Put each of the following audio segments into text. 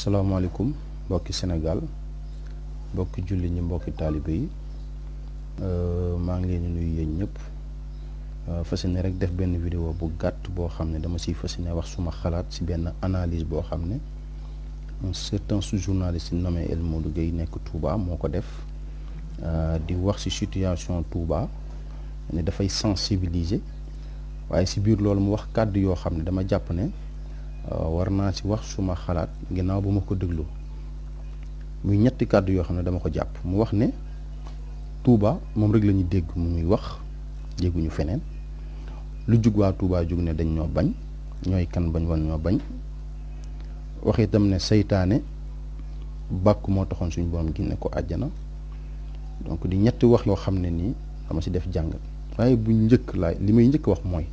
salaamaaleykum mbokki Sénégal mbokki julli ñi mbokki taalibe yi euh, maa ngi leen di nuyu yéen ñëpp euh, fas yéene rek def benn vidéo bu gàtt boo xam ne dama siy fas wax suma xalaat si benn analyse boo xam un certain sous journaliste nommé El Modou Gueye nekk Touba moo ko def euh, di wax si situation Touba ne dafay sensibiliser waaye si biir loolu mu wax kàddu yoo xam ne dama jàpp ne. Euh, war naa ci wax suma xalaat ginnaaw bu ma ko déglu muy ñetti kàddu yoo xam ne dama ko jàpp mu wax ne Touba moom rek la dégg mu muy wax dégguñu feneen lu jug waa Touba jug ne dañ ñoo bañ ñooy kan bañ wan ñoo bañ wax itam ne seytaane bàkk moo taxoon suñu borom génne ko àjjana donc di ñetti wax yoo xam ne nii dama si def jàng waaye bu njëkk laay li may njëkk wax mooy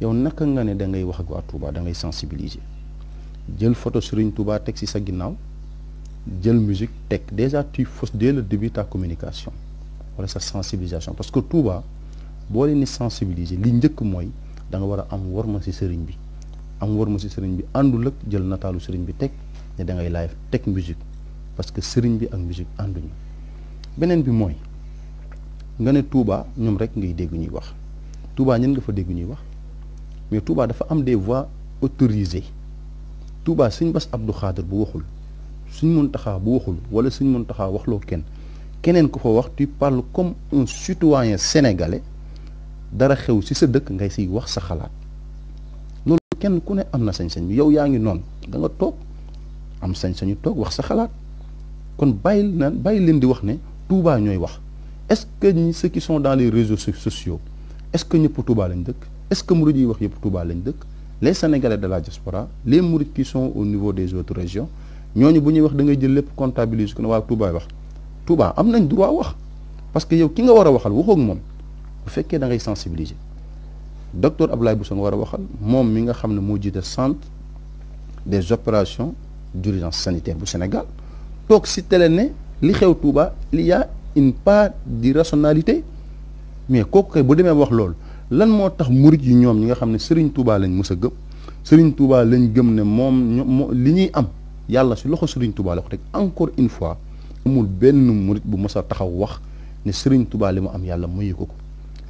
yow naka nga ne da ngay wax ak waa Touba da ngay sensibiliser jël photo Serigne Touba tek ci sa ginnaw jël musique tech déjà tu fausses dès le début ta communication wala sa sensibilisation parce que Touba bo leen ni sensibiliser li ñëk moy da nga wara am worma ci serigne bi am worma ci serigne bi àndul ak jël bi tek ne da ngay live tek musique parce que serigne bi ak musique ànduñu benen bi moy nga ne Touba ñoom rek ngay dégg ñuy wax Touba ñen nga fa dégg ñuy wax mais Touba dafa am des voix autorisées Touba suñ Bass Abdou Khadre bu waxul suñ Mountakha bu waxul wala suñ Mountakha waxloo kenn keneen ku fa wax tu parles comme un citoyen sénégalais dara xew ci sa deuk ngay siy wax sa xalaat lolou ken ku ne am na sañ-sañ bi yow yaangi non da nga tok am sañ-sañu tok wax sa xalaat kon bayil na bàyyi leen di wax ne Touba ñoy wax est-ce que ceux qui sont dans les réseaux sociaux est-ce que ñëpp Touba lañ deuk est-ce que murid yi wax yëpp Touba lañ les sénégalais de la diaspora les mourides qui sont au niveau des autres régions ñooñu bu ñuy wax da ngay jël lépp comptabiliser ko ne Touba wax Touba am nañ droit wax parce que yow ki nga war a waxal waxoog moom bu fekkee da ngay sensibiliser docteur Abdoulaye Bousso nga war a waxal moom mi nga xam ne centre des opérations d'urgence sanitaire bu Sénégal toog si télé ne li xew Touba il y a une part d'irrationalité mais kooku kay bu demee wax loolu. lan moo tax murit yi ñoom ñi nga xam ne Serigne Touba lañ mës a gëm Serigne Touba lañ gëm ne moom li ñuy am yàlla si loxo Serigne Touba la ko teg encore une fois amul benn murit bu mës a taxaw wax ne Serigne Touba li mu am yàlla mayu ko ko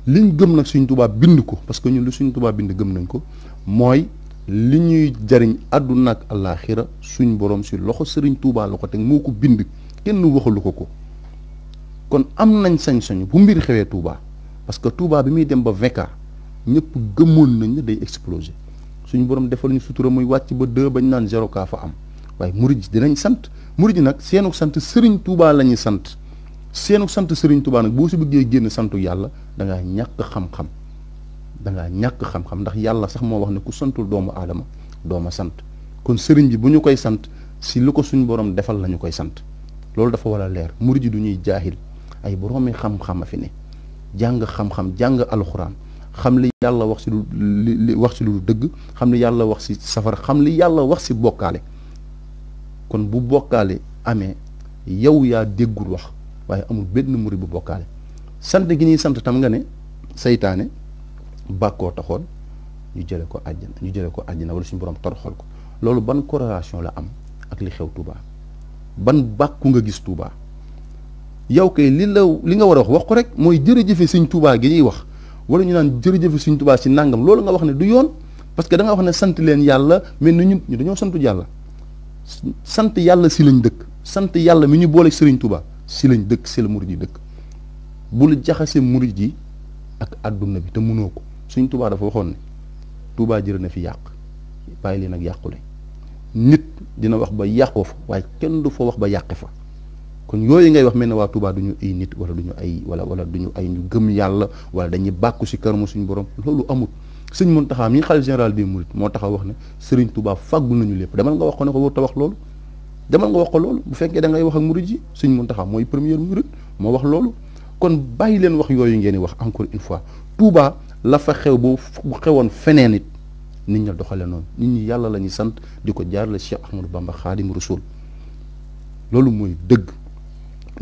liñ gëm nag Serigne Touba bind ko parce que ñun lu Serigne bind gëm nañ ko mooy li ñuy jariñ àdduna ak àllaaxira suñ borom si loxo Serigne Touba la teg moo ko bind kenn waxalu ko ko kon am nañ sañ-sañu bu mbir xewee Touba. parce que Touba bi muy dem ba vingt ñëpp gëmoon nañ ne day exploser suñu borom defal ñu sutura muy wàcc ba deux bañ naan zéro kaa fa am waaye murid ji dinañ sant murid ji nag seenu sant Serigne Touba la ñuy sant seenu sant Serigne Touba nag boo si bëggee génn santu yàlla dangaa ngaa ñàkk xam-xam da ñàkk xam-xam ndax yàlla sax moo wax ne ku santul doomu aadama dooma sant kon Serigne bi bu ñu koy sant si lu ko suñu borom defal la ñu koy sant loolu dafa war a leer murid ji du ñuy jaaxil ay boroomi xam-xam a fi ne. jàng xam-xam jàng alxuraan xam li yàlla wax si lu li wax si lu dëgg xam li yàlla wax si safara xam li yàlla wax si bokkaale kon bu bokkaale amee yow yaa déggul wax waaye amul benn murid bu bokkaale sant gi ñuy sant tam nga ne seytaane bàkkoo taxoon ñu jële ko àjjana ñu jële ko àjjana wala suñu borom toroxal ko loolu ban corrélation la am ak li xew Touba ban bàkku nga gis tuubaa yow kay li la li nga war a wax wax ko rek mooy jërëjëfe sëñ Tuubaa gi ñuy wax wala ñu naan jërëjëfe sëñ Tuubaa si nangam loolu nga wax ne du yoon parce que da nga wax ne sant leen yàlla mel na ñun ñu dañoo santu jàlla sant yàlla si lañ dëkk sant yàlla mi ñu boole sëriñ Tuubaa si lañ dëkk si la murid yi dëkk bul jaxase murid yi ak àdduna bi te mënoo ko sëñ Tuubaa dafa waxoon ne Tuubaa jërë na fi yàq bàyyi leen ak yàqule nit dina wax ba yàqoo fa waaye kenn du foo wax ba yàqe fa kon yooyu ngay wax melni wa tuba Touba ay nit wala duñu ay wala wala duñu ay ñu gëm yalla wala dañuy bakku ci kërmu suñu borom lolu amul sëñ muntaha mi xal général des mourid mo taxaw wax ne Serigne Touba fagu nañu lepp demal nga wax ko ne ko wërta wax lolu demal nga wax ko lolu bu fekke da ngay wax ak mourid ji muntaha moy premier mourid mo wax lolu kon bayi len wax yooyu ngeen wax encore une fois Touba la fa xew bu xewon fenen nit nit ñal doxale non nit ñi yalla lañu sante diko jaar le Cheikh Ahmadou Bamba khadim rasoul lolu moy deug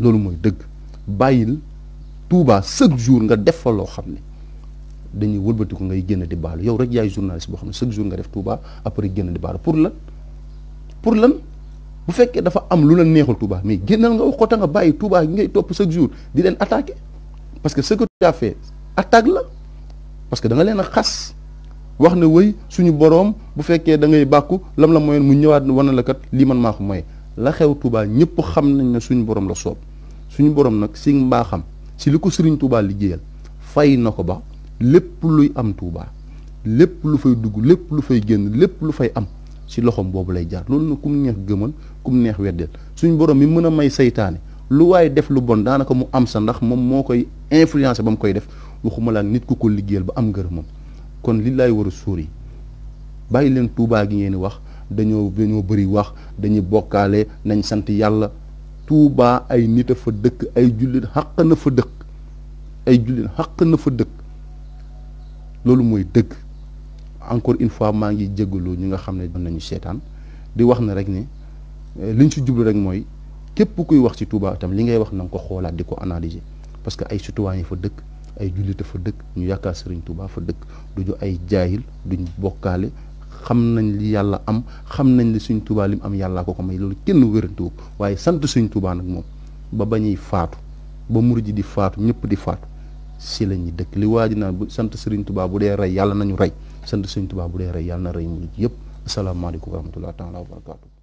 loolu moy deug bayil Touba chaque jour nga def fa lo xam dañuy wëlbati ko ngay genn di baalu yow rek yaay journaliste bo xam ne jour nga def Touba après genn di baalu pour lan pour lan bu fekke dafa am lu la neexul Touba mais gennal nga wax ta nga bàyyi Touba ngay top chaque jour di len attaquer parce que ce que tu as fait attaque la parce que da nga len a wax na wëy suñu borom bu fekke da ngay bakku lam la moyen mu ñewat wonal kat li man mako moy la xew Touba ñepp xam nañ na suñu borom la sopp suñu borom nak sing baham silo li ko sëriñ tuuba liggéeyal fay nako ba lepp luy am tuba lepp lu fay dugg lepp lu fay genn lepp lu fay am silo loxom bobu lay jaar loolu kum neex geumal kum neex weddel suñu borom mi meuna may seytane lu way def lu bon danaka mu am sa ndax mom mokay influencer bam koy def waxuma la nit ku ko liggéeyal ba am mom kon lillahi wa rasuli bayi len touba gi ngeen wax dañu dañoo bëri wax dañu bokalé nañ sant yalla Touba ay nit a fa dëkk ay jullit xàq na fa dëkk ay jullit xàq na fa dëkk loolu mooy dëkk encore une fois maa ngi jégaloo ñi nga xam ne doon nañu seetaan di wax na rek ne eh, liñ si jublu rek mooy képp kuy wax ci Touba itam li ngay wax na nga ko xoolaat di ko analyser parce que ay citoyen fa dëkk ay jullit fa dëkk ñu yaakaar Serigne Touba fa dëkk du duñu ay jaahil duñ bokkaale xam nañ li yàlla am xam nañ li suñ tubaa lim am yàllaa ko ko may loolu kenn wérantuwu waaye sant suñ tubaa nag moom ba ba ñuy faatu ba mur ji di faatu ñëpp di faatu si la ñuy dëkk li waa ji naan bu sant sëriñ tubaa bu dee rey yàlla nañu rey sant sëriñ tubaa bu dee rey yàlla na rey murid yëpp asalaamaaleykum wa rahmatulah taala wa barakaatu